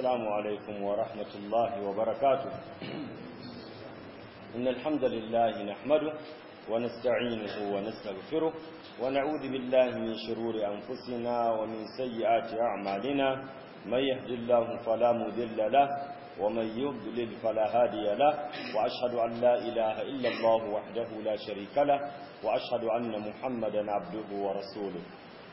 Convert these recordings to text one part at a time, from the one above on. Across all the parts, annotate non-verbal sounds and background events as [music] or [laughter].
السلام عليكم ورحمة الله وبركاته إن الحمد لله نحمده ونستعينه ونستغفره ونعوذ بالله من شرور أنفسنا ومن سيئات أعمالنا من يهد الله فلا مذل له ومن يضلل فلا هادي له وأشهد أن لا إله إلا الله وحده لا شريك له وأشهد أن محمدا عبده ورسوله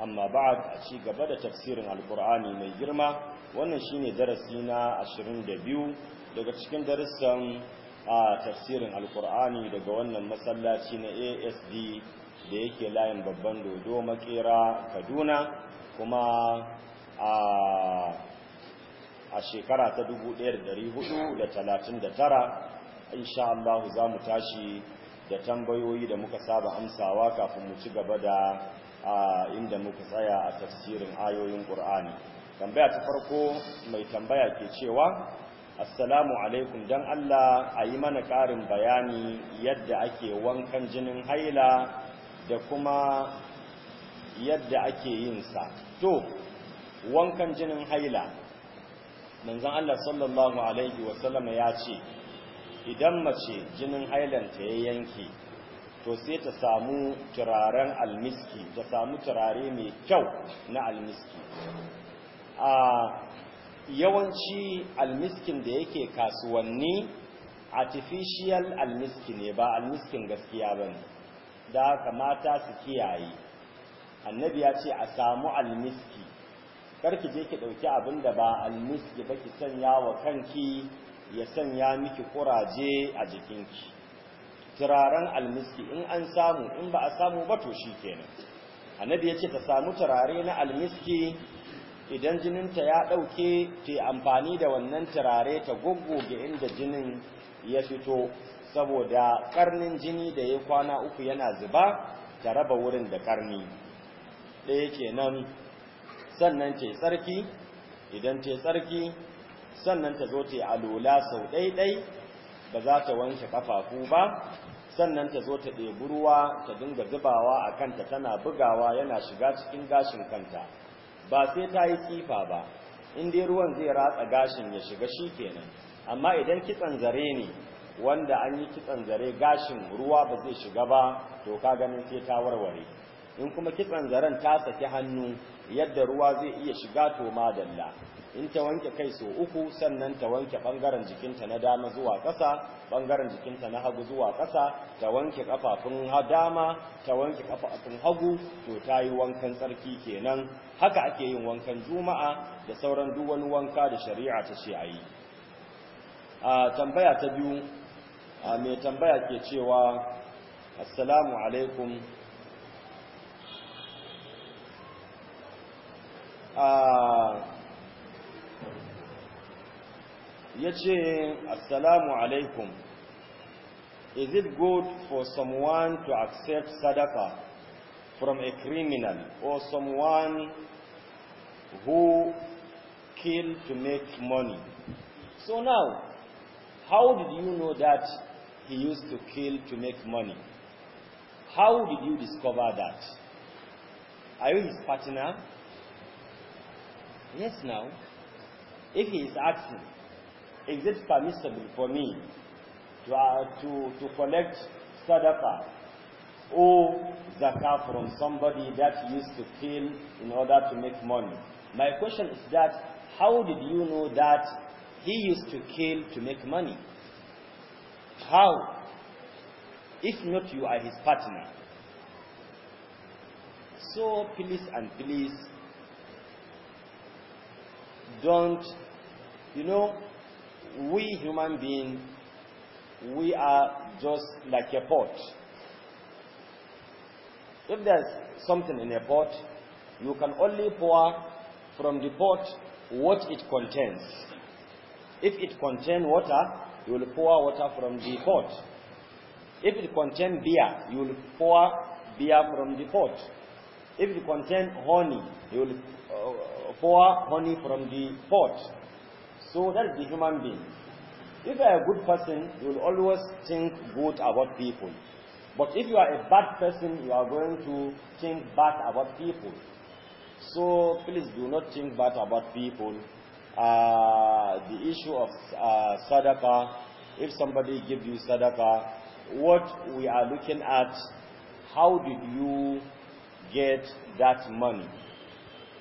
أما بعد أشيك بدأ تفسير القرآن من جرمه wannan shine darasi na 22 daga cikin darussan a tafsirin alkur'ani daga wannan masallaci na asd da yake layin babban dodo makera kaduna kuma a shekara ta 1439 insha Allah za mu tashi da tambayoyi da muka saba amsawa kafin mu ci gaba da inda muka tsaya a tafsirin ayoyin ƙur'ani tambaya ta farko mai tambaya ke cewa assalamu alaikum don Allah a yi mana ƙarin bayani yadda ake wankan jinin haila da kuma yadda ake yin sa to wankan jinin haila manzan Allah sallallahu alaihi wasallama ya ce idan mace jinin hailanta ya yanke to sai ta samu turaren almiski ta samu turare mai kyau na almiski a yawanci almiskin da yake kasuwanni artificial almiski ne ba almiskin gaskiya ba ne da kamata su kiyaye annabi ya ce a samu almiski karki je ki ɗauki abin da ba almiski ba ki sanya wa kanki ya sanya miki kuraje a jikinki turaren almiski in an samu in ba a samu ba to shi kenan annabi ya ce ta samu turare na almiski idan jinin ta ya ɗauke ta amfani da wannan turare ta goggoge inda jinin ya fito saboda karnin jini da ya kwana uku yana zuba ta raba wurin da karni ɗaya kenan sannan ta tsarki idan ta tsarki sannan ta zo ta alola sau ɗaiɗai ba za ta wanke ƙafafu ba sannan ta zo ta ɗebi ruwa ta dinga zubawa a kanta tana bugawa yana shiga cikin gashin kanta ba sai ta yi tsifa ba in dai ruwan zai ratsa gashin ya shiga shi kenan amma idan kitsan zare ne wanda an yi kitsan zare gashin ruwa ba zai shiga ba to ka ganin sai ta warware in kuma kitsan zaren ta saki hannu yadda ruwa zai iya shiga to madalla in ta wanke kai so uku sannan ta wanke bangaren jikinta na dama zuwa ƙasa bangaren jikinta na hagu zuwa ƙasa ta wanke kafafun dama ta wanke kafafun hagu to ta yi wankan tsarki kenan haka ake yin wankan juma'a da sauran duk wani wanka da shari'a ta ce a yi a tambaya ta biyu a mai tambaya ke cewa assalamu alaikum a ya ce assalamu alaikum is it good for someone to accept sadaka from a criminal or someone who killed to make money so now how did you know that he used to kill to make money how did you discover that are you his partner yes now if he is asking is it permissible for me to, uh, to, to collect sadaqah or zakah from somebody that used to kill in order to make money? My question is that, how did you know that he used to kill to make money? How? If not, you are his partner. So please and please, don't, you know, we human beings, we are just like a pot. If there's something in a pot, you can only pour from the pot what it contains. If it contains water, you will pour water from the pot. If it contains beer, you will pour beer from the pot. If it contains honey, you will uh, pour honey from the pot. So that is the human being. If you are a good person, you will always think good about people. But if you are a bad person, you are going to think bad about people. So please do not think bad about people. Uh, the issue of uh, sadaqah, if somebody gives you sadaqah, what we are looking at, how did you get that money?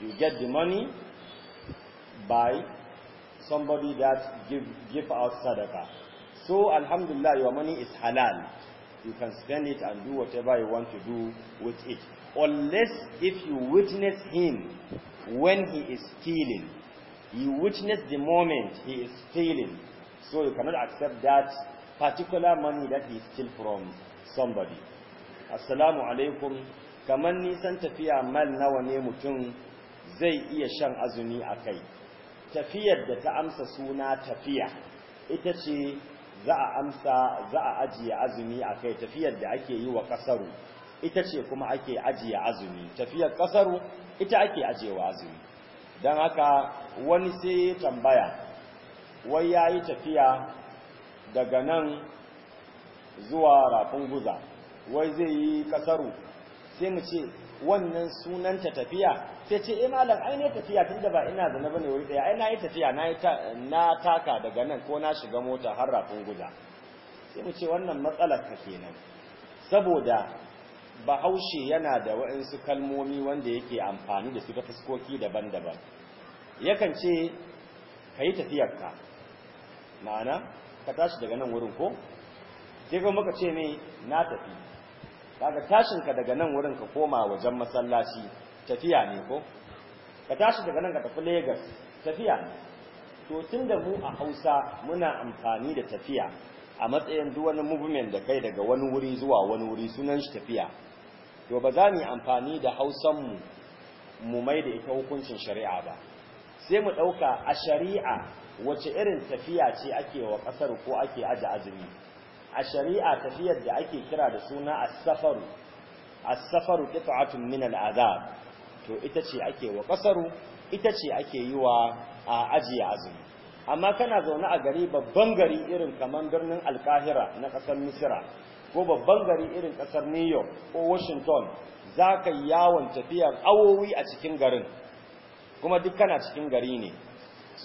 You get the money by somebody that give, give out sadaqah. So alhamdulillah, your money is halal. You can spend it and do whatever you want to do with it. Unless if you witness him when he is stealing. You witness the moment he is stealing. So you cannot accept that particular money that he steal from somebody. Assalamu alaikum. Kamar nisan tafiya mal nawa ne mutum zai iya shan azumi a kai. tafiyar da ta amsa suna tafiya ita ce za a amsa za a ajiye azumi a kai tafiyar da ake yi wa kasaru ita ce kuma ake ajiye azumi tafiyar kasaru ita ake ajiyewa azumi don haka wani sai tambaya wai ya yi tafiya daga nan zuwa rafin guza wai zai yi kasaru sai mu ce wannan sunanta tafiya sai ce eh malam ai ne tafiya tunda ba ina zana bane wuri daya ai na yi tafiya na yi na taka daga nan ko na shiga mota har rafin guda sai mu ce wannan matsalar ka kenan saboda bahaushe yana da wa'ansu kalmomi wanda yake amfani da su ta fuskoki daban-daban yakan ce ka yi tafiyarka ma'ana ka tashi daga nan wurin ko sai kuma ka ce ne na tafi kaga tashin ka daga nan wurin ka koma wajen masallaci tafiya ne ko ka tashi daga nan ka tafi Lagos tafiya ne to tunda mu a Hausa muna amfani da tafiya a matsayin duwani wani movement da kai daga wani wuri zuwa wani wuri sunan shi tafiya to ba za mu amfani da Hausan mu mu mai da ita hukuncin shari'a ba sai mu dauka a shari'a wace irin tafiya ce ake wa kasar ko ake aje azumi a shari'a tafiyar da ake kira da suna a safaru as-safaru qit'atun min al-azab to ita ce ake wa kasaru ita ce ake yi wa ajiye azumi amma kana zaune a gari babban gari irin kamar birnin alkahira na kasar misira ko babban gari irin kasar new york ko washington za ka yi yawon tafiyar awowi a cikin garin kuma duk kana cikin gari ne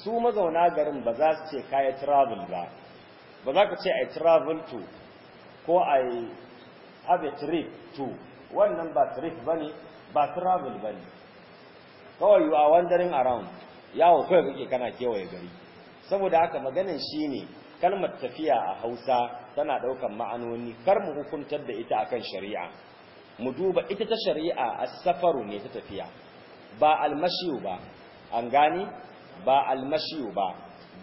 su mazauna garin ba za su ce kaya travel ba ba za ka ce a travel to ko i have a trip to wannan ba trip ba ne, ba travel ba ne. kawai you are wandering around yawo kawai kake kana kewaye gari saboda haka maganin shi ne, kalmar tafiya a Hausa tana daukan ma'anoni kar mu hukuntar da ita akan shari'a mu duba ita ta shari'a a safaru ne ta tafiya ba almashiyu ba an gani ba almashiyu ba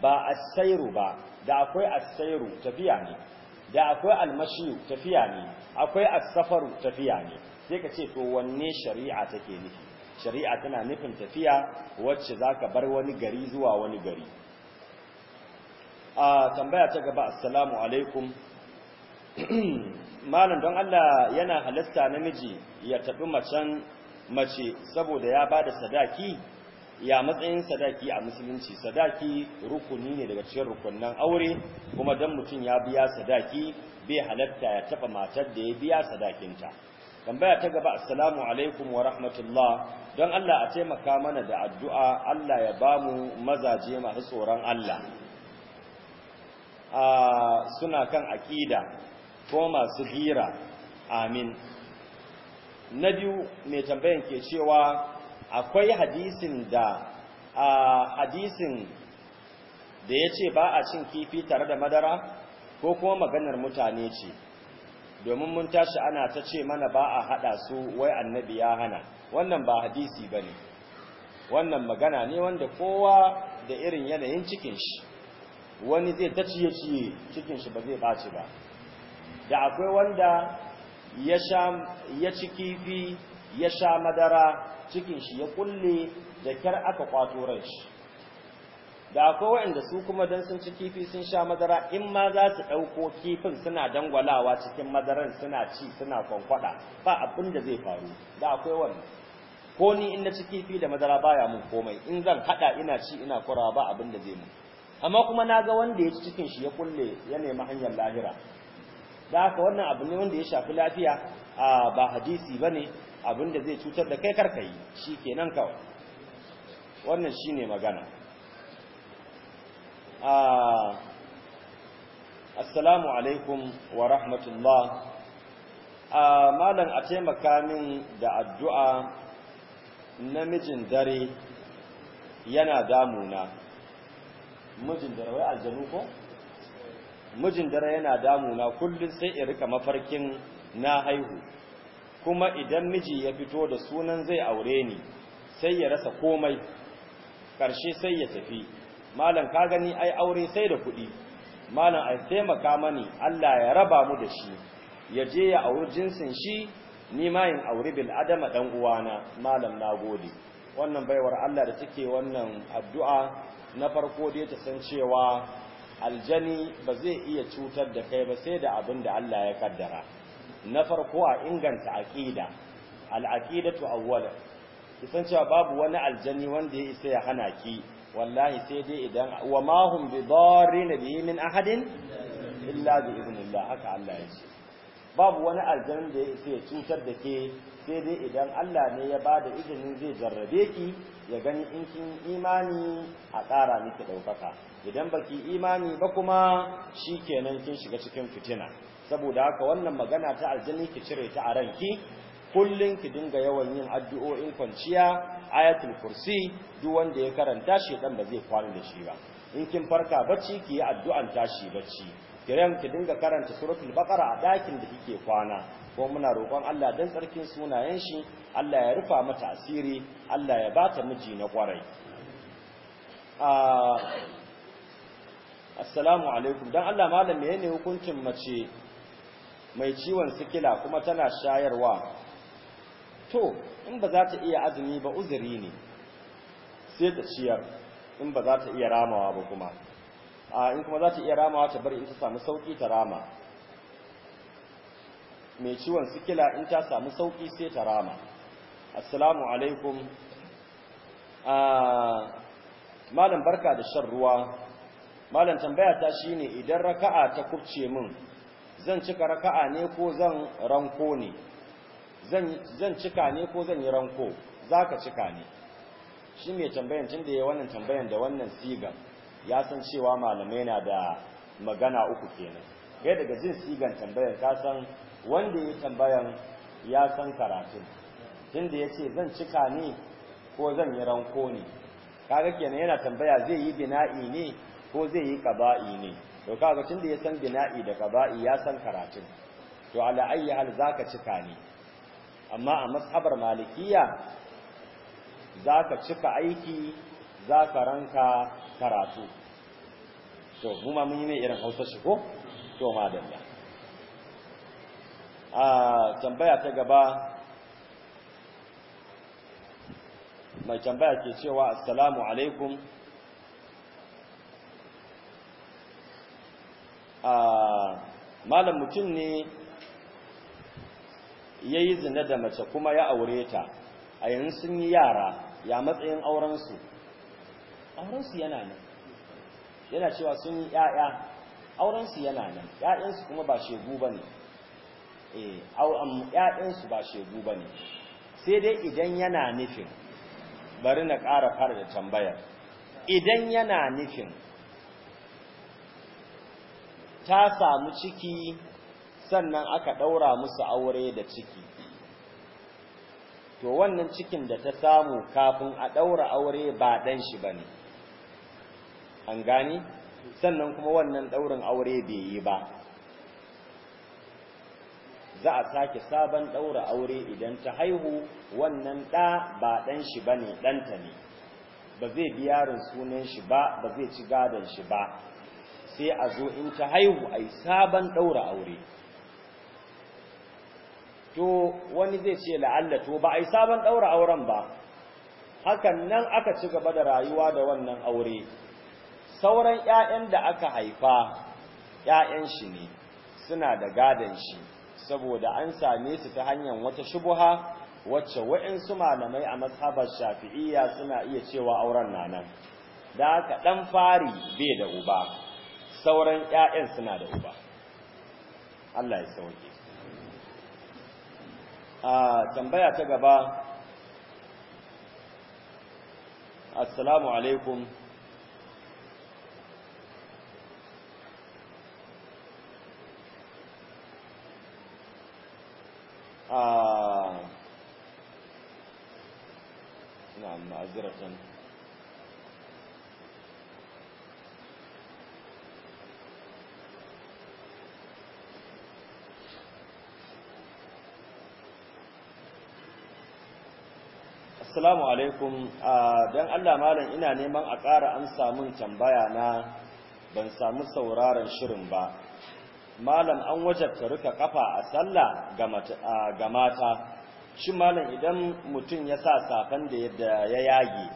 ba asairu ba da akwai asairu tafiya ne da akwai almashi tafiya ne akwai asafaru tafiya ne sai ka ce to wanne shari'a take nufi shari'a tana nufin tafiya wacce zaka bar wani gari zuwa wani gari a tambaya ta gaba assalamu alaikum [clears throat] malam don Allah yana halasta namiji ya tafi macen mace saboda ya bada sadaki ya matsayin sadaki a musulunci sadaki rukuni ne daga cikin rukunnan aure kuma dan mutum ya biya sadaki bai halatta ya taba matar da ya biya sadakinta tambaya ta gaba assalamu alaikum wa rahmatullah don Allah a taimaka mana da addu'a Allah ya bamu mazaje masu tsoron Allah a suna kan akida ko masu hira amin na biyu mai tambayan ke cewa akwai hadisin da a hadisin da ya ce ba a cin kifi tare da madara ko kuma maganar mutane ce domin mun tashi ana ta ce mana ba a haɗa su wai annabi ya hana wannan ba hadisi ba ne wannan magana ne wanda kowa da irin yanayin cikin shi wani zai ta ciye-ciye cikin shi ba zai ɓaci ba da akwai wanda ya ci kifi ya sha madara cikin shi ya kulle da kyar aka kwato ran shi da akwai waɗanda su kuma dan sun ci kifi sun sha madara in ma za su ɗauko kifin suna dangwalawa cikin madaran suna ci suna kwankwaɗa ba abin da zai faru da akwai wannan ko ni in na ci kifi da madara baya mun komai in zan haɗa ina ci ina kura ba abin da zai mun amma kuma na ga wanda ya ci cikin shi ya kulle ya nemi hanyar lahira da haka wannan abu ne wanda ya shafi lafiya ba hadisi ba ne abin da zai cutar da kai karka yi shi kenan kawai wannan shi ne magana assalamu alaikum wa rahmatullah malam a taimaka min da addu'a namijin dare yana damuna mijin dare wai aljanu ko? mijin dare yana damuna kullum sai in rika mafarkin na haihu kuma idan miji ya fito da sunan zai aure ni sai ya rasa komai ƙarshe sai ya tafi malam ka gani ai aure sai da kuɗi malam ai taimaka mani Allah ya raba mu da shi ya je ya auri jinsin shi ni ma in auri bil adama dan uwana malam nagode wannan baiwar Allah da take wannan addu'a na farko dai ta san cewa aljani ba zai iya cutar da kai ba sai da abin da Allah ya kaddara na farko a inganta aqida al-aqidatu awwalan kisan cewa babu wani aljani wanda ya isa ya hana ki wallahi sai dai idan wa ma hum bi darrin min ahadin illa bi idnillah haka Allah ya ce babu wani aljani da ya isa ya cutar da ke sai dai idan Allah ne ya ba da izinin zai jarrabe ki ya gani in kin imani a tsara miki ɗaukaka idan baki imani ba kuma shikenan kin shiga cikin fitina saboda haka wannan magana ta aljini ki cire ta a ranki kullun ki dinga yawan yin addu'o'in kwanciya ayatul kursi duk wanda ya karanta shi dan ba zai kwana da shi ba in kin farka bacci ki yi addu'an tashi bacci Ki kiran ki dinga karanta suratul baqara a dakin da kike kwana ko muna roƙon Allah dan tsarkin sunayen shi Allah ya rufa mata asiri Allah ya bata miji na kwarai ah, assalamu alaikum dan Allah malam menene hukuncin mace mai ciwon sikila kuma tana shayarwa to in ba za ta iya azumi ba uzuri ne sai ta ciyar in ba za ta iya ramawa ba kuma a in kuma za ta iya ramawa ta bari in ta samu sauki ta rama mai ciwon sikila in ta samu sauki sai ta rama assalamu alaikum malam barka da shan ruwa malam tambaya ta shine idan raka'a ta kubce min zan cika raka'a ne ko zan ranko ne zan cika ne ko zan yi ranko ka cika ne shi mai tambayan tun da ya wannan tambayan da wannan sigan ya san cewa malamai na da magana uku kenan gai daga jin sigan tambayan ka san wanda ya tambayan ya san karatun tun da ya ce zan cika ne ko zan yi ranko ne kaga kenan yana tambaya zai yi bina'i ne ko zai yi kaba'i ne to kaga tun da ya san bina'i da qaba'i ya san karatu to ala ayyi hal zaka cika ne amma a mas'abar malikiya zaka cika aiki zaka ranka karatu to mu ma mun yi mai irin Hausa shi ko to madalla a tambaya ta gaba mai tambaya ke cewa assalamu alaikum malam mutum ne ya yi zina da mace kuma ya aure ta a yanzu sun yi yara ya matsayin aurensu aurensu yana nan yana cewa sun yi ‘ya'ya aurensu yana nan ‘ya'yansu kuma ba shegu ba ne ‘ya'yansu eh, ba shegu ba ne sai dai idan yana nufin bari na ƙara fara da tambayar idan yana nufin ta samu ciki sannan aka ɗaura musu aure da ciki to wannan cikin da ta samu kafin a ɗaura aure ba ɗan shi ba ne an gani sannan kuma wannan ɗaurin aure bai yi ba za a sake sabon ɗaura aure idan ta haihu wannan ɗa ba ɗan shi ba ne ɗanta ne ba zai bi sunan shi ba ba zai ci gadon shi ba sai a zo in ta haihu ai sabon ɗaura aure to wani zai ce la'allato ba ba ai sabon ɗaura auren ba hakan nan aka ci gaba da rayuwa da wannan aure sauran 'ya'yan da aka haifa 'ya'yan shi ne suna da gadon shi saboda an same su ta hanyar wata shubuha wacce wa'insu malamai a mazhabar shafi'iyya suna iya cewa auren nanan da haka ɗan fari bai da uba sauran ƴaƴan suna da uba Allah ya sauke a tambaya ta gaba assalamu alaikum a na Assalamu alaikum don Allah malam ina neman a ƙara an samun tambaya na ban samu sauraron shirin ba malam an wajabta ruka kafa a sallah ga mata shi malam idan mutum ya sa safan da ya yage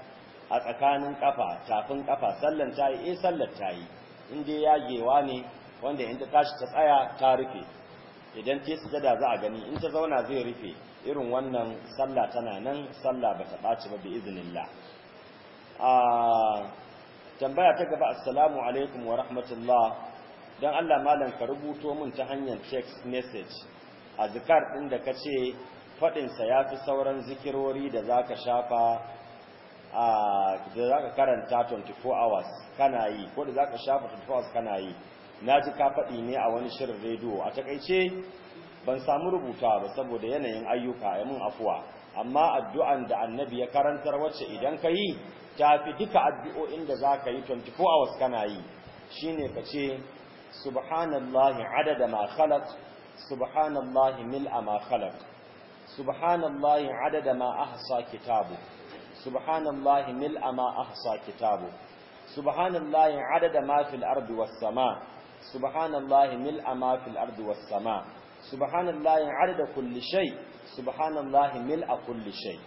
a tsakanin kafa tafin kafa sallan ta yi eh sallar ta yi inda yagewa ne wanda in tashi ta tsaya ta rufe idan ta sujada za a gani in ta zauna zai rufe irin wannan sallah tana nan sallah ba ta ɓaci ba bi iznillah a tambaya ta gaba assalamu alaikum wa rahmatullah dan Allah malam ka rubuto min ta hanyar text message a zikar ɗin da ka ce fadin sa fi sauran zikirori da zaka shafa a da ka karanta 24 hours kana yi ko da zaka shafa 24 hours kana yi naji ka fadi ne a wani shirin rediyo a takeice ban samu rubuta ba saboda yanayin ayyuka ya mun afuwa amma addu'an da annabi ya karantar wacce idan ka yi ta fi duka addu'o'in da za ka yi 24 hours kana yi shi ne ka ce subhanallahi adada ma khalaq subhanallahi a ma khalaq subhanallahi adada ma ahsa kitabu subhanallahi a ma ahsa kitabu subhanallahi adada ma fil ardi was sama subhanallahi a ma fil ardi was sama subhanallahi adada kulli shay subhanallahi mil'a kulli shay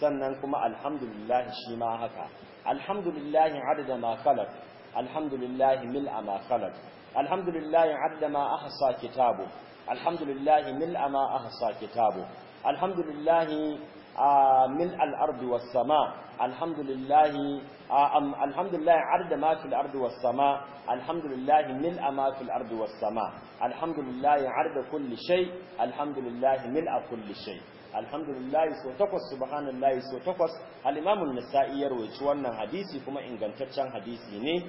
sannan kuma alhamdulillah shi ma haka alhamdulillah adada ma khalaq alhamdulillah mil'a ma khalaq alhamdulillah adada ma ahsa kitabu alhamdulillah mil'a ma ahsa kitabu alhamdulillah ملء الأرض والسماء الحمد لله الحمد لله عرض ما في الأرض والسماء الحمد لله ملء ما في الأرض والسماء الحمد لله عرض كل شيء الحمد لله ملء كل شيء الحمد لله سو تقص سبحان الله سو تقص الإمام النسائي يروي wannan hadisi kuma ingantaccen hadisi ne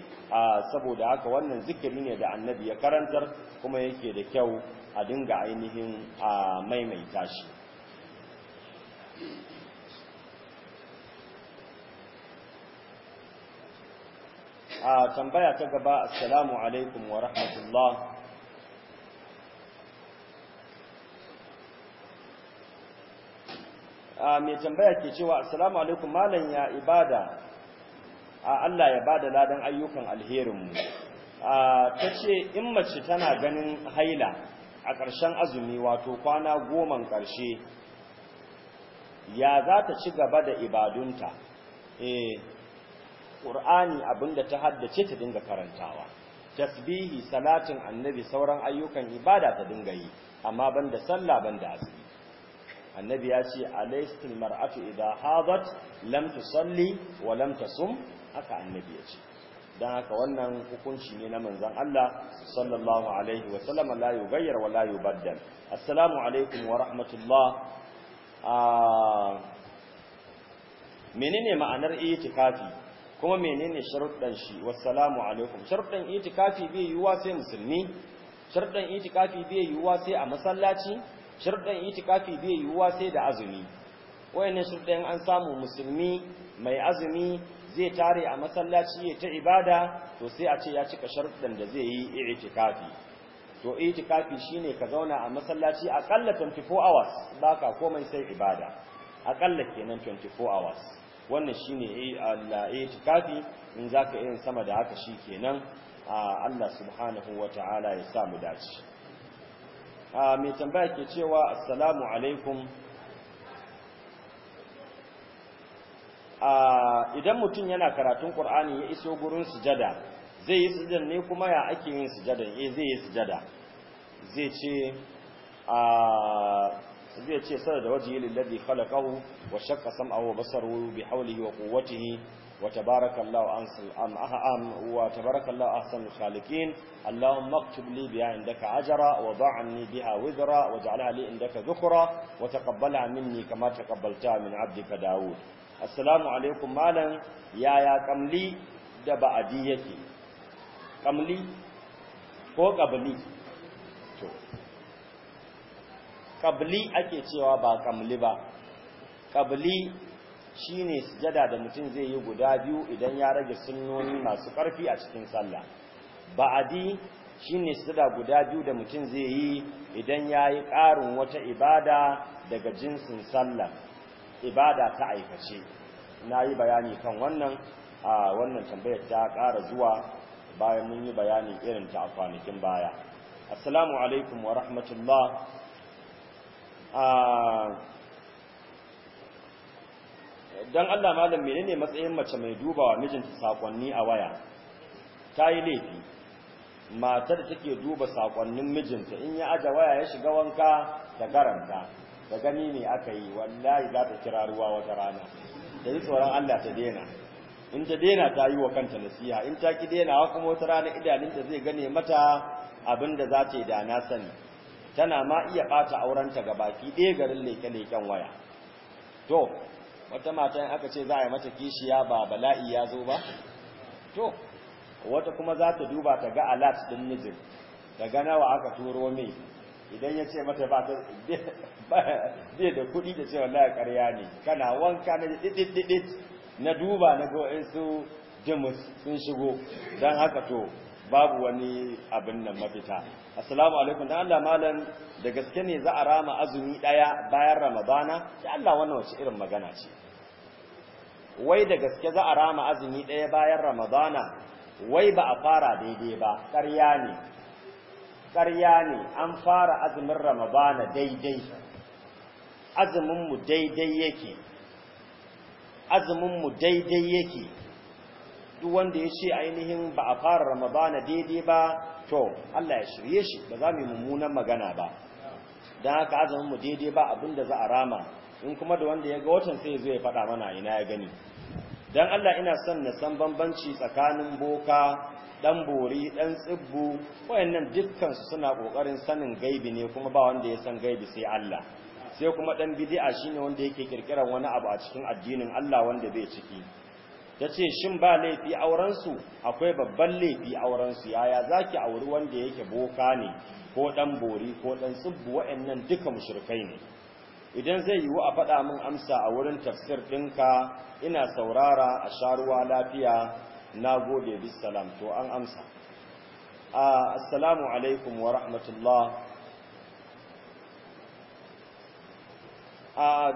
saboda haka wannan zikiri ne da annabi ya karantar kuma yake da kyau a dinga ainihin maimaita shi a tambaya ta gaba assalamu alaikum wa rahmatullah a mai tambaya ke cewa assalamu alaikum malam ya ibada a Allah ya bada ladan ayyukan alherinmu a ta ce in mace tana ganin haila a ƙarshen azumi wato kwana goman ƙarshe ya za ta ci gaba da ibadunta eh qur'ani abinda ta haddace ta dinga karantawa tasbihi salatin annabi sauran ayyukan ibada ta dinga yi amma banda sallah banda azumi annabi ya ce alaysatil mar'atu idha hadat lam tusalli wa lam tasum haka annabi ya ce dan haka wannan hukunci ne na manzon Allah sallallahu alaihi wa sallam la yughayyir wa la yubaddal assalamu alaikum wa rahmatullah menene ma'anar itikafi kuma menene sharuɗan shi wassalamu alaikum sharuɗan itikafi bai yiwuwa sai musulmi sharuɗan itikafi bai yiwuwa sai a masallaci sharuɗan itikafi bai yiwuwa sai da azumi wayannan sharuɗan an samu musulmi mai azumi zai tare a masallaci ya ta ibada to sai a ce ya cika sharuɗan da zai yi itikafi to itikafi shine ka zauna a masallaci akalla 24 hours baka komai sai ibada akalla kenan 24 hours wannan shine eh, itikafi in zaka yin sama da haka shi kenan ah, Allah subhanahu wataala ya samu dace ah, mai tambaya ke cewa assalamu alaikum ah, idan mutum yana karatun Qur'ani ya iso gurin sujada zai yi sujada ne kuma ya ake yin sujada eh zai yi sujada zai ce a ah, zai ce sada da waje lillazi khalaqahu wa a sam'ahu wa basarahu bi hawlihi wa quwwatihi wa allahu ansal am ah, am wa tabarakallahu ahsanul khaliqin allahumma aktub li biha indaka ajra wa da'anni biha wizra waj'alha li indaka dhukra wa taqabbalha minni kama taqabbalta min 'abdika daud assalamu alaikum malam yaya kamli da ba'adi yake kamli ko kabli to kabli ake cewa ba kamli ba kabli shine sujada da mutum zai yi guda biyu idan ya rage sunnoni masu ƙarfi a cikin sallah ba'adi shine sujada guda biyu da mutum zai yi idan ya yi ƙarin wata ibada daga jinsin sallah ibada ta aikace na yi bayani kan wannan a wannan tambayar ta ƙara zuwa bayan mun yi bayani irin ta a kwanakin baya assalamu alaikum wa rahmatullah ah, don allah malam ne matsayin mace mai dubawa mijinta sakonni a waya ta yi laifi matar take duba sakonnin mijinta in ya aja waya ya shiga wanka da karanta da gani ne aka yi wallahi za ta kira ruwa wata rana da yi tsoron allah ta daina in ta daina ta yi wa kanta nasiha in ta ki dainawa kuma wata rana idaninta zai gane mata abin da za ta yi da na sani tana ma iya ɓata aurenta ga baki ɗaya garin leke-leken waya to wata mata in aka ce za a yi mata kishiya ba bala'i ya zo ba to wata kuma za ta duba ta ga alat ɗin mijin daga nawa aka turo mai idan ya ce mata ba [laughs] da kuɗi da ce wallahi ƙarya ne kana wanka na ɗiɗiɗiɗi na duba na ga wa'insu jimus sun shigo don haka to babu wani abin nan mafita assalamu alaikum dan Allah malam da gaske ne za a rama azumi daya bayan ramadana ya Allah wannan wace irin magana ce wai da gaske za a rama azumi daya bayan ramadana wai ba a fara daidai ba ƙarya ne ƙarya ne an fara azumin ramadana daidai azumin mu daidai yake mu daidai yake duk wanda ya ce ainihin ba a fara ramadana daidai ba to Allah ya shirye shi ba za mu yi mummunan magana ba don haka mu daidai ba abinda za a rama in kuma da wanda ya ga watan sai ya zo ya faɗa mana ina ya gani don Allah ina son na san bambanci tsakanin boka ɗan bori ɗan tsibbu wayannan dukkan su suna kokarin sanin gaibi ne kuma ba wanda ya san gaibi sai Allah sai kuma dan bid'a shine wanda yake kirkiran wani abu a cikin addinin Allah wanda bai ciki tace shin ba laifi auren su akwai babban laifi auren su yaya zaki auri wanda yake boka ne ko dan bori ko dan tsubbu wa'annan duka mushrikai ne idan zai yiwu a faɗa min amsa a wurin tafsir ɗinka ina saurara a sharuwa lafiya na gode bisalam to an amsa ah, assalamu alaikum wa rahmatullah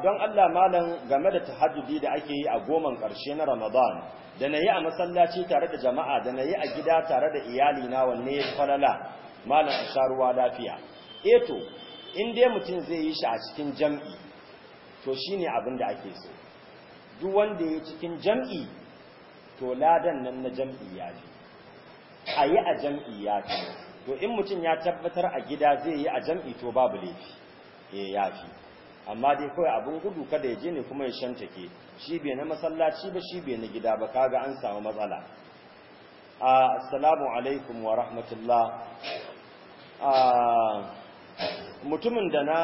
don Allah malam game da tahajjudi da ake yi a goman ƙarshe na Ramadan da na yi a masallaci tare da jama'a da na yi a gida tare da iyali na wanne ya falala malam a sha ruwa lafiya eto eh in dai mutum zai yi shi a cikin jam'i to shine abin da ake so duk wanda ya cikin jam'i to ladan nan na jam'i ya fi a yi a jam'i ya fi to in mutum ya tabbatar a gida zai yi a jam'i to babu laifi eh ya fi amma dai kawai abin gudu kada ya je ne kuma ya shantake shi bai na masallaci ba shi bai na gida ba kaga an samu matsala assalamu alaikum wa rahmatullah mutumin da na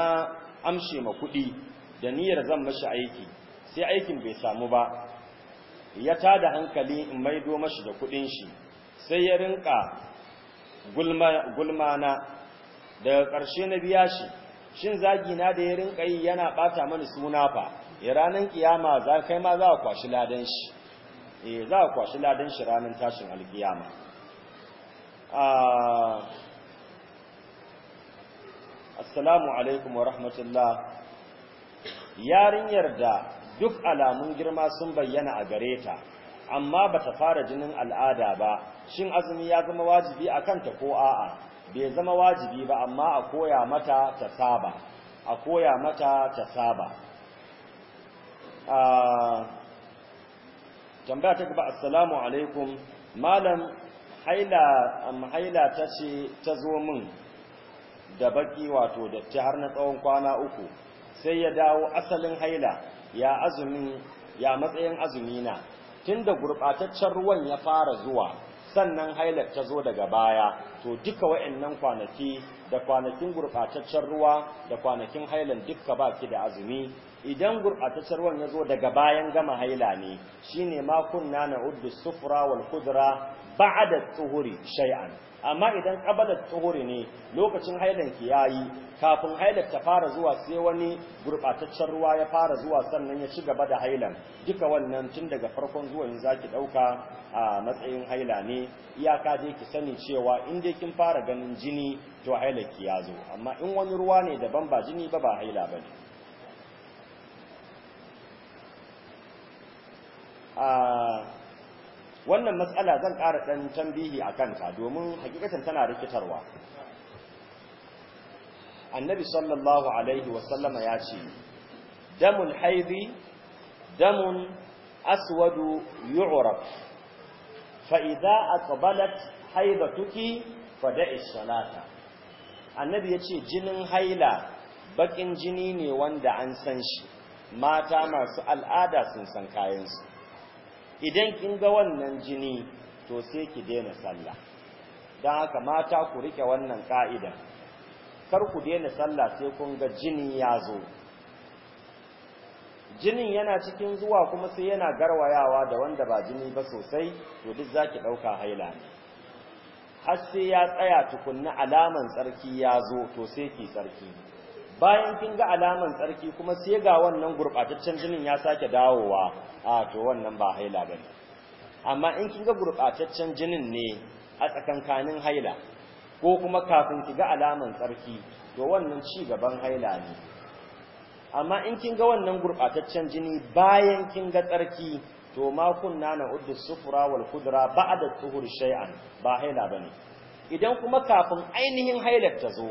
amshe ma kuɗi da niyyar zan mashi aiki sai aikin bai samu ba ya ta da hankali in maido mashi da kuɗin shi sai ya rinka gulmana daga ƙarshe na biya shi shin zagi na da ya rinka yi yana bata mana suna fa ya eh, ranar kiyama za kai ma za a kwashi ladan shi eh za a kwashi ladan shi ranar tashin alkiyama ah, assalamu alaikum wa rahmatullah yarinyar da duk alamun girma sun bayyana a gare ta amma bata fara jinin al'ada ba shin azumi ya zama wajibi akan ta ko a'a bai zama wajibi ba amma a koya mata ta saba a koya mata ta saba ah, tambaya ta gaba assalamu alaikum malam haila ta ce ta zo min da baki wato da ci har na tsawon kwana uku sai ya dawo asalin haila ya azumin ya matsayin azumina tunda gurɓataccen ruwan ya fara zuwa sannan hailar ta zo daga baya to duka wa'annan kwanaki da kwanakin gurɓataccen ruwa da kwanakin hailan duka ki da azumi idan gurɓataccen ruwan ya zo daga bayan gama haila ne shine ma kunna na uddu sufra wal qudra ba'da tsuhuri shay'an amma idan qabalat tuhuri ne lokacin hailan ki yayi kafin hailar ta fara zuwa sai wani gurbataccen ruwa ya fara zuwa sannan ya ci gaba da hailan duka wannan tun daga farkon zuwa zuwan zaki dauka a matsayin haila ne iyaka dai ki sani cewa in dai kin fara ganin jini to hailar ki ya zo amma in wani ruwa ne daban ba jini ba ba haila bane a ah, wannan matsala zan ƙara ɗan tambihi a kanta domin hakikatan tana rikitarwa annabi sallallahu alaihi wasallama ya ce damun haizi damun aswadu yu'raf fa idza aqbalat haidatuki fada'i salata annabi yace jinin haila bakin jini ne wanda an san shi mata masu al'ada sun san kayansu idan kin ga wannan jini to sai ki daina sallah don haka mata ku rike wannan ka'ida kar ku daina sallah sai kun ga jini ya zo jinin yana cikin zuwa kuma sai yana garwayawa da wanda ba jini ba sosai to duk zaki dauka haila ne har sai ya tsaya tukunna alaman tsarki ya zo to sai ki tsarki bayan kin ga alaman tsarki kuma sai ga wannan gurbataccen jinin ya sake dawowa a to wannan ba haila bane amma in kin ga gurbataccen jinin ne a tsakankanin haila ko kuma kafin ki ga alaman tsarki to wannan ci gaban haila ne amma in kin ga wannan gurbataccen jini bayan kin ga tsarki to ma kunna na uddu sufra wal kudra ba'da tuhur shay'an ba haila bane idan kuma kafin ainihin haila ta zo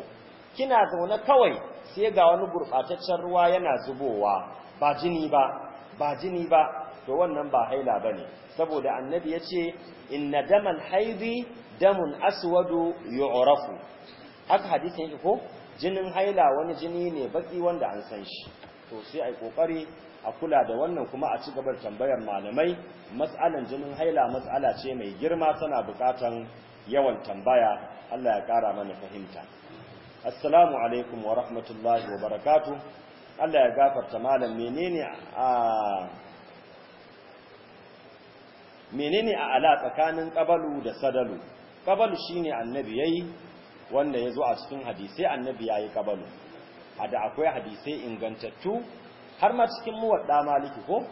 kina zaune kawai sai ga wani gurɓataccen ruwa yana zubowa ba jini ba ba jini ba to wannan ba haila bane saboda annabi yace inna damal haidi damun aswadu yu'rafu aka hadisi yake ko jinin haila wani jini ne baki wanda an san shi to sai ai kokari a kula da wannan kuma a ci gaba da tambayar malamai mas'alan jinin haila mas'ala ce mai girma tana bukatan yawan tambaya Allah ya kara mana fahimta assalamu alaikum wa rahmatullahi wa barakatu. Allah ya gafarta malam menene a menene a ala tsakanin qabalu da sadalu qabalu shine annabi yayi wanda yazo a cikin hadisi annabi yayi qabalu ada akwai hadisi ingantattu har ma cikin muwadda maliki ko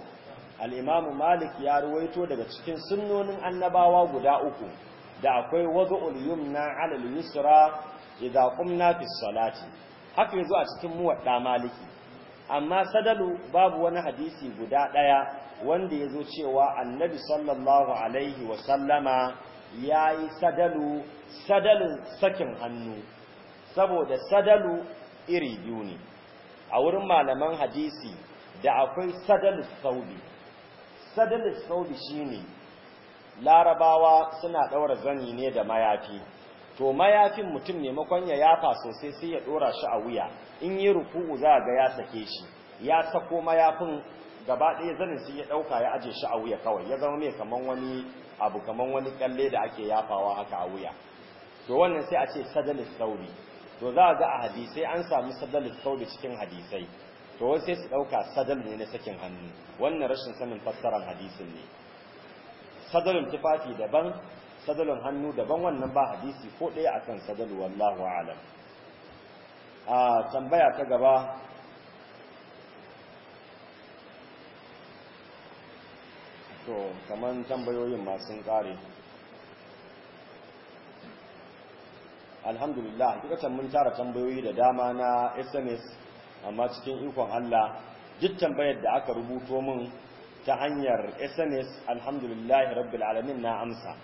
al-imamu malik ya ruwaito daga cikin sunnonin annabawa guda uku da akwai wadu'ul yumna 'ala al-yusra idza qumna fi salati haka yazo a cikin muwadda maliki amma sadalu babu wani hadisi guda daya wanda yazo cewa annabi sallallahu alaihi wa sallama yayi sadalu sadalun sakin hannu saboda sadalu iri biyu ne a wurin malaman hadisi da akwai sadalu saudi sadalu saudi shine larabawa suna daura zani ne da mayafi to mayafin mutum ne makon ya yafa sosai sai ya dora shi a wuya in yi ruku'u za ga ya sake shi ya sako mayafin gaba ɗaya zanin sai ya ɗauka ya aje shi a wuya kawai ya zama mai kaman wani abu kaman wani kalle da ake yafawa haka a wuya to wannan sai a ce sadalis sauri to za ga a hadisai an samu sadalis sauri cikin hadisai to wasu sai su ɗauka sadal ne na sakin hannu wannan rashin sanin fassarar hadisin ne sadalin tufafi daban sadalin hannu daban wannan ba hadisi ko ɗaya akan sadalu wallahu alam a tambaya ta gaba to kaman tambayoyin ma sun kare alhamdulillah dukkan mun tara tambayoyi da dama na SMS amma cikin ikon Allah duk tambayar da aka rubuto mun ta hanyar SMS alhamdulillah rabbil alamin na amsa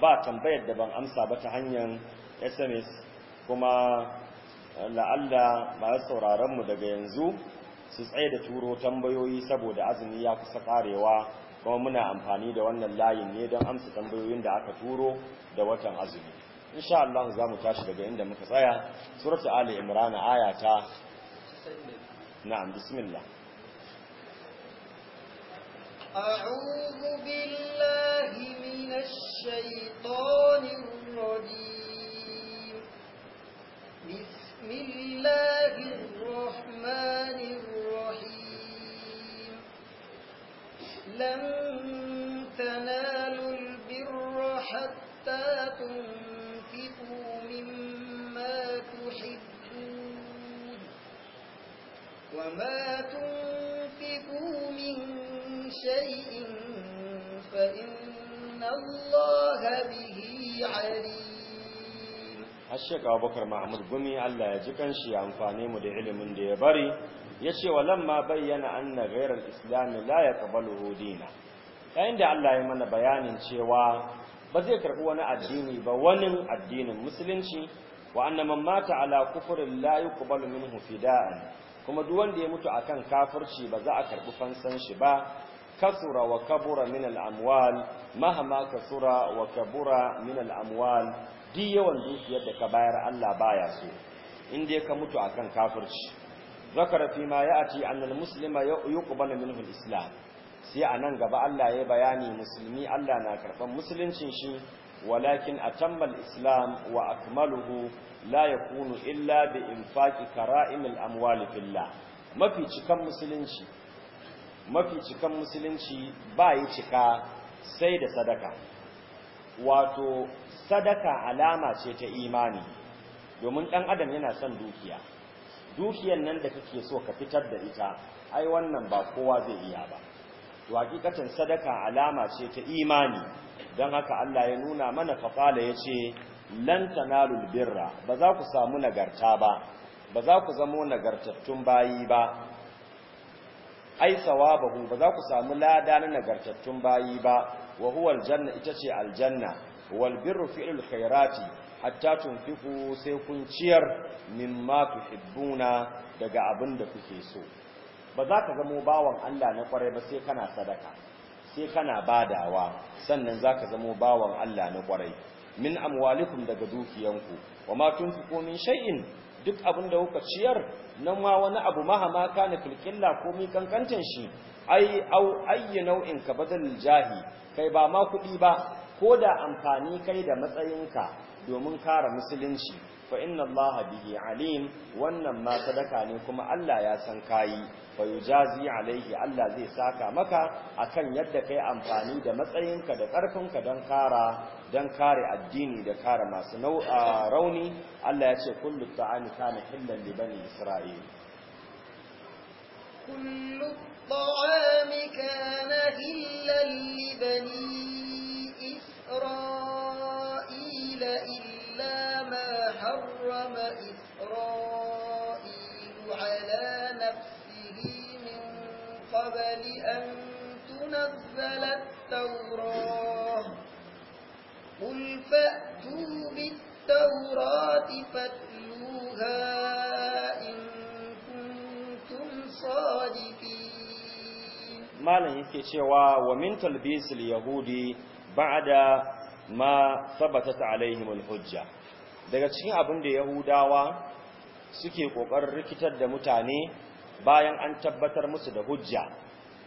ba tambayar da ban amsa ba ta hanyar sms kuma eh, la'alla masu sauraronmu daga yanzu su tsaye da turo tambayoyi saboda azumi ya kusa karewa kuma muna amfani da wannan layin ne don amsa tambayoyin da aka turo da watan azumi insha Allah za mu tashi daga inda muka tsaya suratul ali imran ayata ta na'am bismillah أعوذ بالله من الشيطان الرجيم بسم الله الرحمن الرحيم لن تنالوا البر حتى تنفقوا مما تحبون وما الله به عليم Ashek Abubakar Mahmud Gumi Allah ya ji kanshi ya amfane mu da ilimin da ya bari yace walamma bayyana anna ghayra al-islam la yaqbaluhu dina yayin da Allah ya mana bayanin cewa ba zai karbi wani addini ba wani addinin musulunci wa anna man mata ala kufrin la yuqbalu minhu fida'an kuma duk wanda ya mutu akan kafirci ba za a karbi fansan shi ba kasura wa kabura min al'amwal mahama kasura wa kabura min al'amwal duk yawan dukiyar da ka bayar Allah baya so in dai ka mutu akan kafirci zakara fi ma ya'ti annal muslima yuqbalu minhu al-islam sai a nan gaba Allah ya bayani musulmi Allah na karɓar musuluncin shi walakin a al-islam wa akmaluhu la kunu illa bi infaqi kara imil amwal filla. mafi cikan musulunci mafi cikan musulunci ba yi cika sai da sadaka wato sadaka alama ce ta imani domin ɗan adam yana son dukiya dukiyan nan da kake so ka fitar da ita ai wannan ba kowa zai iya ba to hakikatan sadaka alama ce ta imani don haka Allah ya nuna mana fafala ya ce lan birra ba za ku samu nagarta ba ba za ku zamo nagartattun bayi ba ai sawabahu ba za ku samu lada na nagartattun bayi ba wa huwa aljanna ita ce aljanna wal birru fi'lul khairati hatta tunfiqu sai kun ciyar mimma tuhibbuna daga abin da kuke so ba za ka zamo bawan Allah na kwarai ba sai kana sadaka sai kana badawa sannan za ka zamo bawan Allah na kwarai min amwalikum daga dukiyanku wa ma tunfiqu min shay'in duk abin da kuka ciyar nan ma wani abu mahama kana filkilla ko mi kankantan shi ai au ayi nau'in ka badal jahi kai ba ma kuɗi ba ko da amfani kai da matsayinka domin kare musulunci fa inna allaha bihi alim wannan ma sadaka ne kuma Allah ya san kayi fa yujazi alaihi Allah zai saka maka akan yadda kai amfani da matsayinka da ƙarfinka don kara dan kare addini da kare masu nau'a rauni Allah ya ce kullu ta'ani kana hillan li bani isra'il kullu ta'ami kana hillan li bani isra'il illa ma harrama isra'il ala nafsihi min qabli an tunzala at-taurata فأتوا بالتوراة فاتلوها إن كنتم صادقين مالا يكي شوا ومن تلبيس اليهود بعد ما ثبتت عليهم الحجة daga cikin abin da Yahudawa suke kokarin rikitar da mutane bayan an tabbatar musu da hujja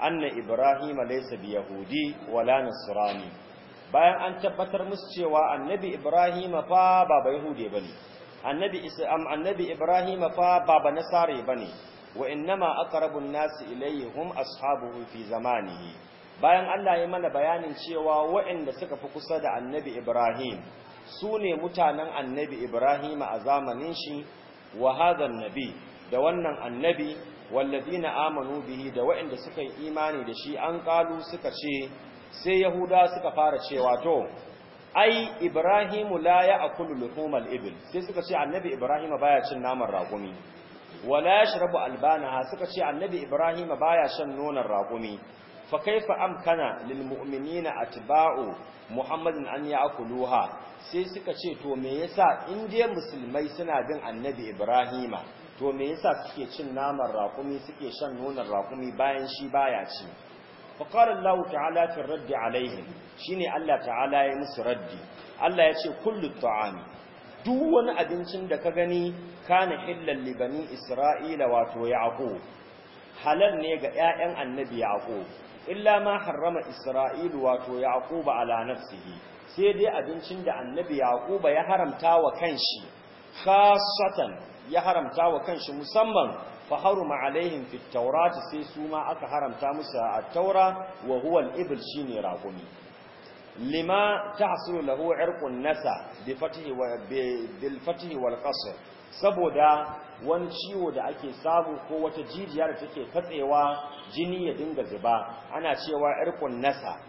anna Ibrahim laysa bi yahudi wala nasrani bayan an tabbatar musu cewa annabi Ibrahim fa ba bai hude bane annabi Isa'am annabi Ibrahim fa ba ba nasare bane wa innama aqrabun nasi ilayhi hum ashabuhu fi zamanihi bayan Allah ya mana bayanin cewa waɗanda suka fi kusa da annabi Ibrahim su ne mutanen annabi Ibrahima a zamanin shi wa hadha annabi da wannan annabi wallazina amanu bihi da waɗanda suka yi imani da shi an kalu suka ce sai yahuda suka fara cewa to ai ibrahimu la akulu luhumal ibil sai suka ce annabi ibrahim baya cin naman raƙumi wala yashrabu albanaha suka ce annabi ibrahim baya shan nonon raƙumi fa kaifa amkana lil mu'minina atba'u muhammadin an ya'kuluha sai suka ce to me yasa in musulmai suna bin annabi ibrahima to me yasa suke cin naman raƙumi suke shan nonon raƙumi bayan shi baya ci فقال الله تعالى في الرد عليهم شيني الله تعالى يمس ردي الله يشي كل الطعام duk wani abincin da ka gani kana hillal li bani isra'ila wato yaqub halal ne ga 'ya'yan annabi yaqub illa ma harrama isra'ilu wato yaqub ala nafsihi sai dai abincin da annabi yaqub ya haramta wa kanshi khassatan ya haramta wa kanshi musamman fa haruma alaihim fittauratu sai su ma aka haramta musa a taura wa huwa al-ibl shine raqumi lima tahsulu lahu irqun nasa bi saboda wani ciwo da ake samu ko wata jijiya da take katsewa jini ya dinga zuba ana cewa irqun nasa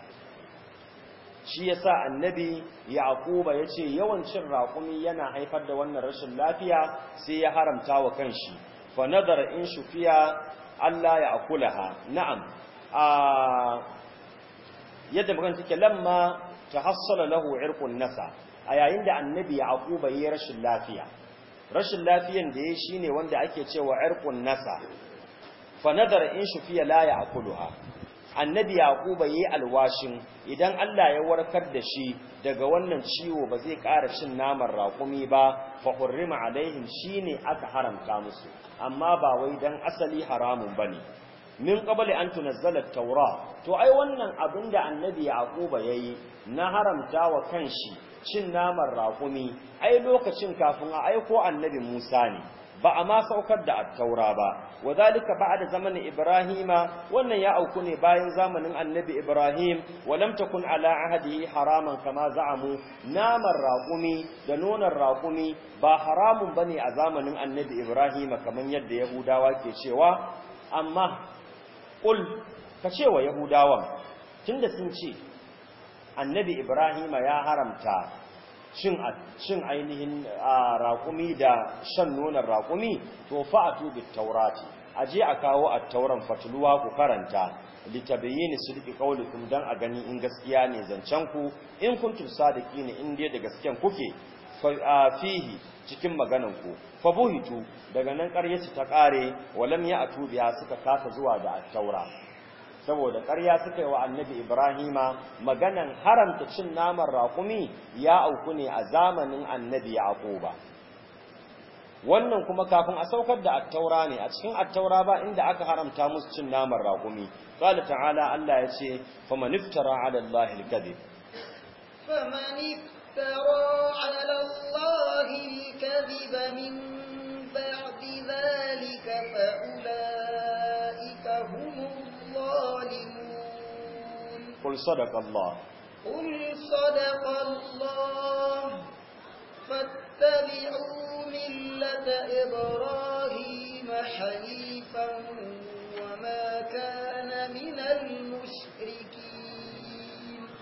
shi yasa annabi ya ce yawan cin raƙumi yana haifar da wannan rashin lafiya sai ya haramta wa shi. Fanadar in shufiya Allah ya akulaha na'am a yadda magana take lamma tahassala lahu irqun nasa a yayin da annabi yaquba yayi rashin lafiya rashin lafiyan da yayi shine wanda ake cewa irqun nasa Fanadar in shufiya la ya akulaha annabi yaquba yayi alwashin idan Allah ya warkar da shi daga wannan ciwo ba zai ƙara cin naman raƙumi ba fa hurrima alaihim shine aka haramta musu amma ba wai dan asali haramun bane min qabli an tunazzala at-taura to ai wannan abin da annabi yaquba yayi na haramta wa kanshi cin naman raƙumi ai lokacin kafin a aiko annabi Musa ne ba a ma saukar da attaura ba wa zalika ba'da zamanin ibrahima wannan ya auku ne bayan zamanin annabi ibrahim wa lam takun ala ahdihi haraman kama za'amu naman raqumi da nonon raqumi ba haramun bane a zamanin annabi ibrahima kaman yadda yahudawa ke cewa amma kul ka ce wa yahudawan tunda sun ce annabi ibrahima ya haramta cin ainihin raƙumi da shan nonon raƙumi to fa'atu bit taurati je a kawo a tauran fatluwa ku karanta litabayyana sidqi qawlikum dan a gani in gaskiya ne zancen ku in kuntum sadiqina in dai da gasken kuke fihi cikin maganan ku fabuhitu daga nan ƙaryarsu ta ƙare walam ya tubiya suka kasa zuwa da a taura saboda ƙarya suka yi wa annabi Ibrahima maganan haramta cin naman raƙumi ya auku ne a zamanin annabi Yaquba wannan kuma kafin a saukar da attaura ne a cikin attaura ba inda aka haramta musu cin naman raƙumi qala ta'ala Allah ya ce faman iftara ala Allah قل صدق الله قل صدق الله فاتبعوا ملة إبراهيم حنيفا وما كان من المشركين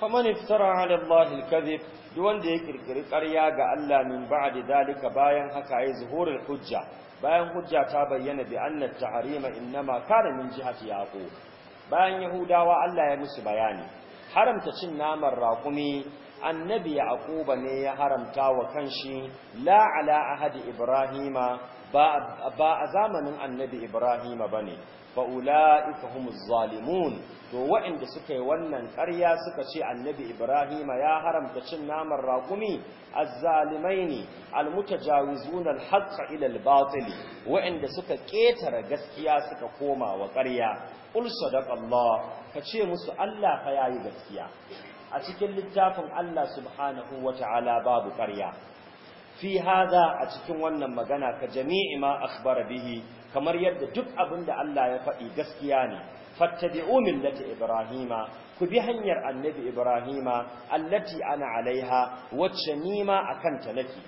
فمن افترى على الله الكذب ya ƙirƙiri ƙarya ga Allah min ba'di dalika bayan haka ya zuhurul hujja bayan hujja ta bayyana bi anna inna tahrima innama kana min bayan yahudawa Allah ya musu bayani haramta cin naman raƙumi annabi yaquba ne ya haramta wa kanshi la ala ahadi ibrahima ba a zamanin annabi Ibrahim ba ne, fa'ula ikahumuz zalimun, to waɗanda suka yi wannan ƙarya suka ce annabi Ibrahim ya haramta cin naman raƙumi, azzalimai ne, almutajawizun alhaƙa ilal batili, waɗanda suka ƙetare gaskiya suka koma wa ƙarya, ƙul Allah, ka ce musu Allah ka yayi gaskiya. A cikin littafin Allah subhanahu wata'ala ta'ala babu ƙarya. fi hada a cikin wannan magana ka jami'i ma akhbara bihi kamar yadda duk abin da Allah ya faɗi gaskiya ne fattabi'u millati ibrahima ku bi hanyar annabi ibrahima allati ana alaiha wacce ni ma akan ta nake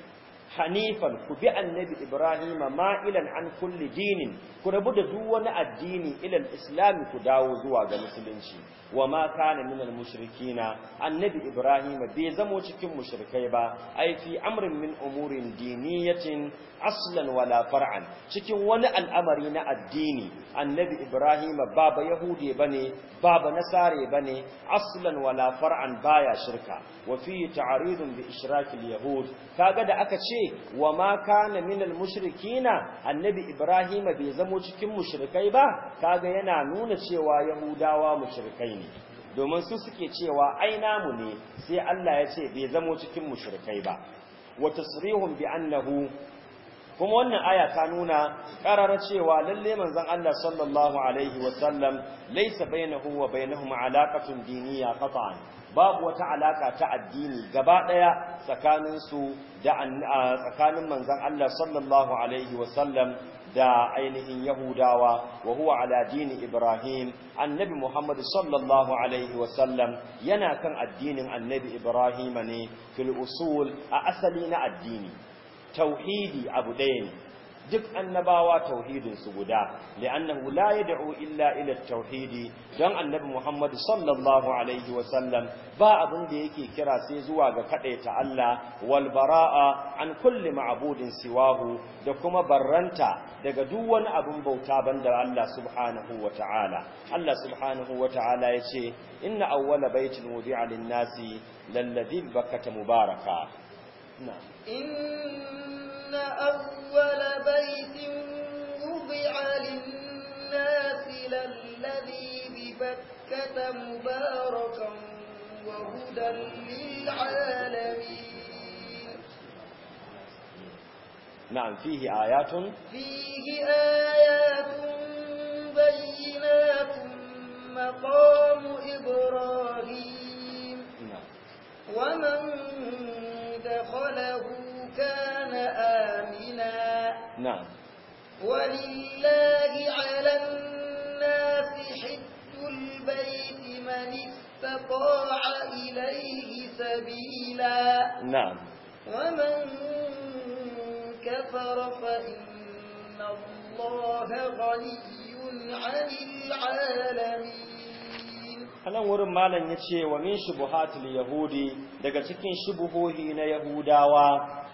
hanifan ku bi annabi ibrahima ma ilan an kulli dinin ku rabu da duk wani addini ilal islam ku dawo zuwa ga musulunci wa ma kana min mushrikina annabi ibrahim bai zamo cikin mushrikai ba ai fi amrin min umurin diniyatin aslan wala far'an cikin wani al'amari na addini annabi ibrahim baba yahude bane baba nasare bane aslan wala far'an baya shirka wa fi ta'ridun bi ishrak al yahud kaga da aka ce wa ma kana min mushrikina annabi ibrahim bai zamo cikin mushrikai ba kaga yana nuna cewa yahudawa mushrikai ne domin su suke cewa ai namu ne sai Allah ya ce bai zamo cikin mushrikai ba wa tasrihum bi annahu kuma wannan aya ta nuna ƙarar cewa lalle manzon Allah sallallahu alaihi wa sallam laysa bainahu wa bainahum alaqatun diniyya qat'an babu wata alaka ta addini gaba daya tsakanin su da tsakanin manzon Allah sallallahu alaihi wa sallam da ainihin yahudawa wa huwa ala dini ibrahim annabi muhammad sallallahu alaihi sallam yana kan addinin annabi ibrahim ne fil usul a asali na addini tauhidi abu ɗaya ne duk annabawa tauhidin su guda li'annahu la yad'u illa ila tauhidi don annabi Muhammad sallallahu alaihi wa sallam ba abin da yake kira sai zuwa ga kadaita Allah wal bara'a an kulli ma'budin siwahu da kuma barranta daga duk wani abin bauta banda Allah subhanahu wa ta'ala Allah subhanahu wa ta'ala yace inna awwala baitin wudi'a lin-nasi lalladhi bakkata mubaraka na'am إن أول بيت وضع للناس للذي ببكة مباركا وهدى للعالمين نعم فيه آيات فيه آيات بينات مقام إبراهيم نعم ومن ولله على الناس حج البيت من استطاع إليه سبيلا نعم ومن كفر فإن الله غني عن العالمين a nan wurin malam ya ce wa min shubuhatul yahudi daga cikin shubuhohi na yahudawa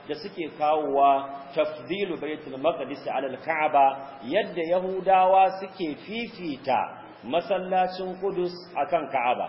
da suke kawowa tafdilu baitul maqdis ala al-ka'aba yadda yahudawa suke fifita masallacin qudus akan ka'aba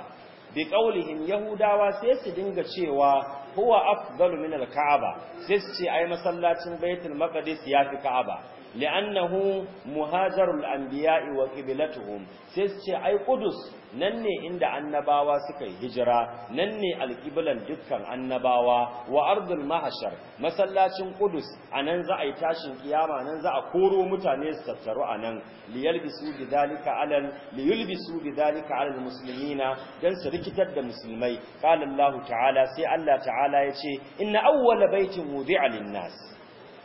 bi qaulihim yahudawa sai su dinga cewa huwa afdalu min al-ka'aba sai su ce ai masallacin baitul maqdis fi ka'aba li'annahu muhajarul anbiya'i wa qiblatuhum sai su ce ai qudus nan ne inda annabawa suka yi hijira nan ne alƙiblan dukkan annabawa wa ardul mahashar masallacin qudus anan za a yi tashin kiyama nan za a koro mutane su tattaru anan liyalbisu bidhalika alal liyulbisu bidhalika alal muslimina dan su rikitar da musulmai qala allah ta'ala sai allah ta'ala yace inna awwala baitin wudi'a lin nas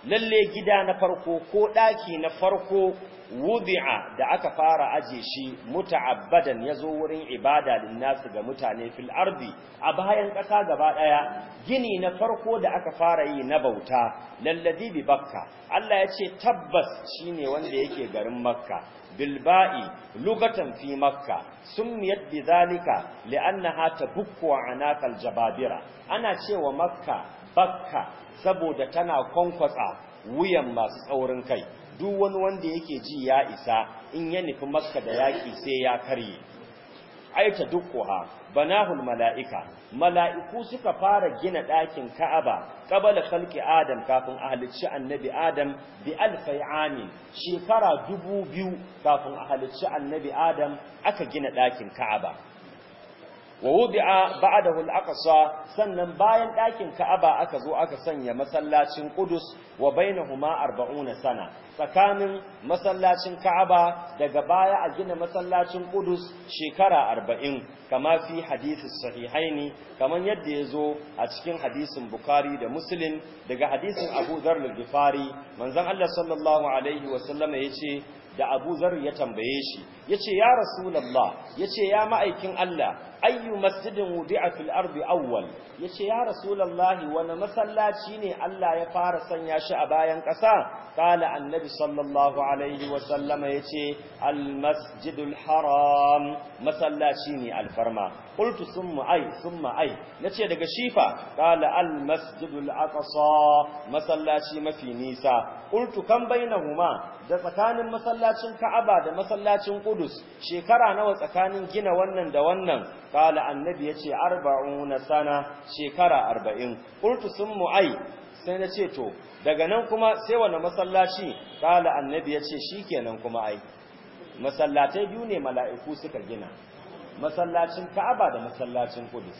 lalle gida na farko ko ɗaki na farko wudi'a da aka fara aje shi muta'abbadan yazo wurin ibada linnasu ga mutane fil ardi a bayan ƙasa gaba ɗaya gini na farko da aka fara yi na bauta lallazi bi bakka Allah ya ce tabbas shine wanda yake garin makka bilba'i lugatan fi makka summiyat bidhalika li'annaha tabukku anaqal jababira ana cewa makka bakka saboda tana kwankwatsa wuyan masu tsaurin kai duk wani wanda yake ji ya isa in ya nufi maska da yaƙi sai ya karye aita dukkuha banahul mala'ika mala'iku suka fara gina ɗakin ka'aba ƙabala khalqi adam kafin a halicci annabi adam bi alfai amin shekara dubu biyu kafin a halicci annabi adam aka gina ɗakin ka'aba wa wudi'a ba'dahu al-aqsa sannan bayan ɗakin Ka'aba aka zo aka sanya masallacin Qudus wa bainahuma 40 sana tsakanin masallacin Ka'aba daga baya a gina masallacin Qudus shekara 40 kama fi hadisi sahihaini kaman yadda yazo a cikin hadisin Bukhari da Muslim daga hadisin Abu Dharr al-Ghifari manzon Allah sallallahu alaihi wa sallama yace da Abu Zar ya tambaye shi yace ya Rasulullah yace ya ma'aikin Allah ayyu masjidin wudi'a fil ardi awwal yace ya Rasulullah wani masallaci ne Allah ya fara sanya shi a bayan ƙasa qala annabi sallallahu alaihi wa sallama yace al masjidul haram masallaci ne alfarma qultu summa ay summa ay nace daga shifa qala al al aqsa masallaci mafi nisa qultu kam bainahuma da tsakanin masallacin ka'aba da masallacin qudus shekara nawa tsakanin gina wannan da wannan qala annabi yace 40 sana shekara 40 qultu summa ay sai na to daga nan kuma sai wane masallaci kala annabi ya ce shi kenan kuma ai masallatai biyu ne mala'iku suka gina masallacin Ka'aba da masallacin Kudus,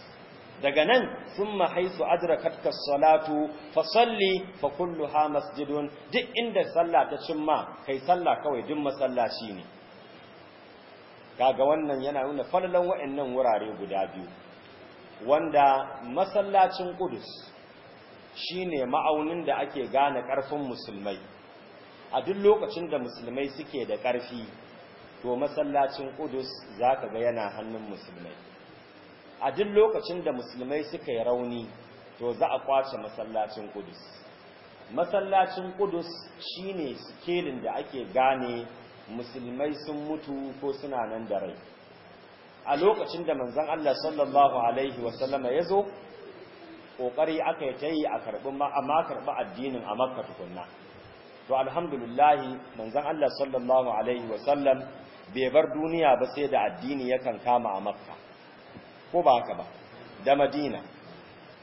daga nan sun haisu adrakatka salatu fa salli fa kulluha masjidun duk inda sallah ta cimma kai sallah kawai duk masallaci ne kaga wannan yana nuna falalan wa'annan wurare guda biyu wanda masallacin shi shine ma'aunin da ake gane ƙarfin musulmai a duk lokacin da musulmai suke da ƙarfi to masallacin za ka ga yana hannun musulmai a duk lokacin da musulmai suka yi rauni to za a kwace masallacin kudus masallacin shi shine sikelin da ake gane musulmai sun mutu ko suna nan da rai a lokacin da manzon Allah sallallahu alaihi wasallama yazo kokari aka yi tayi a karɓi ma amma addinin a Makka tukunna to alhamdulillah manzon Allah sallallahu alaihi wasallam bai bar duniya ba sai da addini yakan kama a makka ko ba haka ba da madina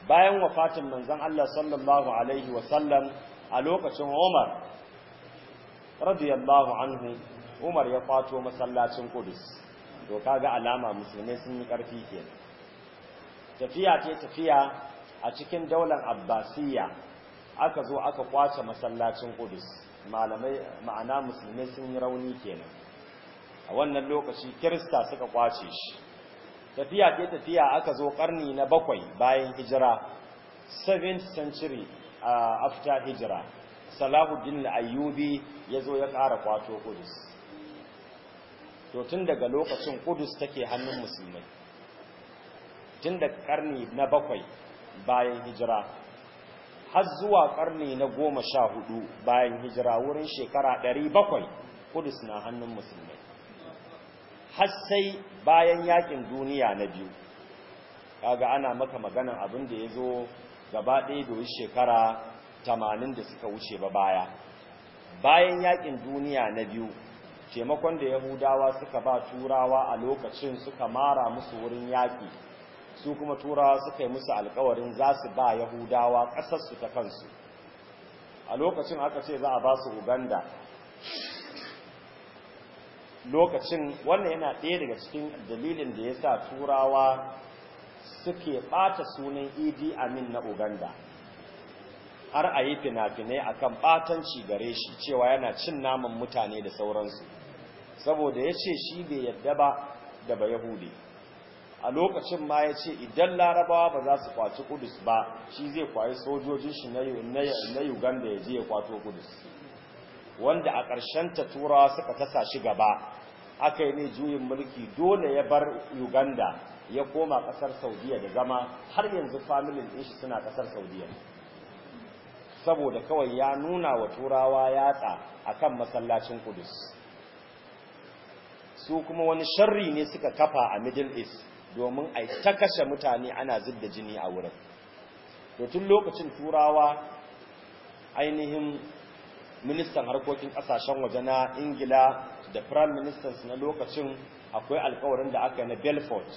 bayan wafatin manzon Allah sallallahu alaihi wasallam a lokacin Umar radiyallahu anhu Umar ya kwato masallacin Qudus to kaga alama musulmai sun yi karfi kenan tafiya ce tafiya a cikin daular Abbasiyya aka zo aka kwace masallacin Qudus malamai ma'ana musulmai sun yi rauni kenan a wannan lokaci kirista suka kwace shi tafiya ke tafiya aka zo karni na bakwai bayan hijira 7th century after hijira salahuddin al-ayyubi ya zo ya ƙara kwato kudus to tun daga lokacin kudus take hannun musulmai tun da karni na bakwai bayan hijira har zuwa karni na goma sha hudu bayan hijira wurin shekara ɗari bakwai kudus na hannun musulmai har sai bayan yakin duniya na biyu kaga ana maka maganan abin da ya zo gaba ɗaya da shekara tamanin da suka wuce ba baya bayan yakin duniya na biyu taimakon da yahudawa suka ba turawa a lokacin suka mara musu wurin yaki su kuma turawa suka yi musu alkawarin za su ba yahudawa ƙasarsu ta kansu a lokacin aka ce za a ba su uganda lokacin wannan yana ɗaya daga cikin dalilin da ya sa turawa suke ɓata sunan idi amin na uganda har a yi fina-finai a kan ɓatanci gare shi cewa yana cin naman mutane da sauransu saboda ya ce shi bai yadda ba da ba yahudi a lokacin ma ya ce idan larabawa ba za su kwaci kudus ba shi zai kwayi sojojin shi na uganda ya je ya kwato kudus wanda a ƙarshen ta turawa suka tasa shi gaba aka yi ne juyin mulki dole ya bar uganda ya koma ƙasar saudiya da zama har yanzu familin ɗin shi suna ƙasar saudiya saboda kawai ya nuna wa turawa yatsa a kan masallacin kudus su kuma wani sharri ne suka kafa a middle east domin a ta kashe mutane ana zidda jini a wurin da tun lokacin turawa ainihin ministan harkokin kasashen waje na ingila da prime ministers na lokacin akwai alkawarin da aka yi na belfort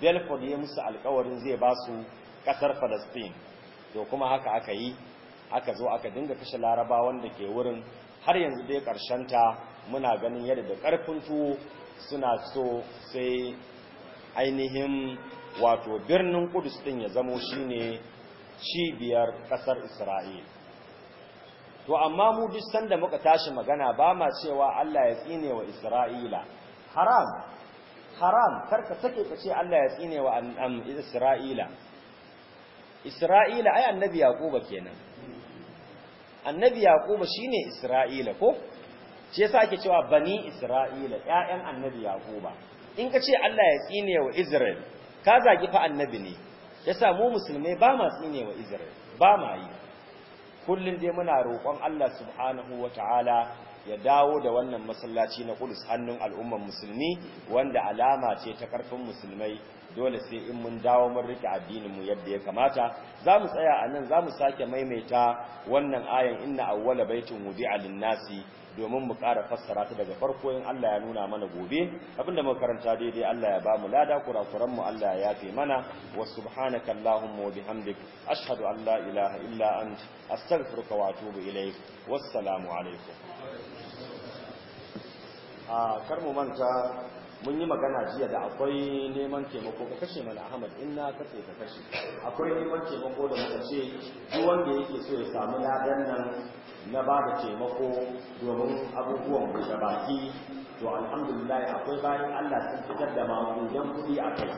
belfort ya musu alkawarin zai ba su kasar palestine to kuma haka aka yi aka zo aka dinga kashe Laraba, wanda ke wurin har yanzu dai ta muna ganin yadda da ƙarfin tuwo suna so sai ainihin wato birnin kudus din ya zamo shine cibiyar ƙasar isra'ila to amma mu duk sanda muka tashi magana ba ma cewa Allah ya tsine wa Isra'ila haram haram karka take ka ce Allah ya tsine wa Isra'ila Isra'ila ai annabi Yaquba kenan annabi Yaquba shine Isra'ila ko shi yasa ake cewa bani Isra'ila ƴaƴan annabi Yaquba in ka ce Allah ya tsine wa Isra'il ka zagi fa annabi ne yasa mu musulmai ba ma tsine wa Isra'il ba ma yi kullum dai muna roƙon Allah subhanahu wataala ya dawo da wannan masallaci na Kudus hannun al'umman musulmi wanda alama ce ta karfin musulmai dole sai in mun dawo mun rike addinin mu yadda ya kamata zamu tsaya anan zamu sake maimaita wannan ayan inna awwala baitin wudi'a lin-nasi domin mu ƙara fassara ta daga farko in Allah ya nuna mana gobe abinda muka karanta daidai Allah ya bamu lada kurakuran mu Allah ya yafe mana wa subhanaka allahumma wa bihamdik ashhadu an la ilaha illa ant astaghfiruka wa atubu ilaik wassalamu alaikum a kar mu manta mun yi magana jiya da akwai neman taimako ka kashe mana Ahmad in ka ce ka kashe akwai neman taimako da muka ce duk wanda yake so ya samu ladan nan na ba da taimako domin abubuwan buɗe baki to alhamdulillah akwai bayan Allah sun fitar da makudan kuɗi a kai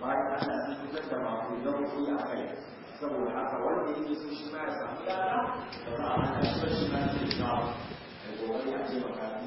bayan Allah sun fitar da makudan kuɗi a kai saboda haka wanda yake so shi ma ya samu dana da za a hana shi ma ya samu da gobe ya ce maka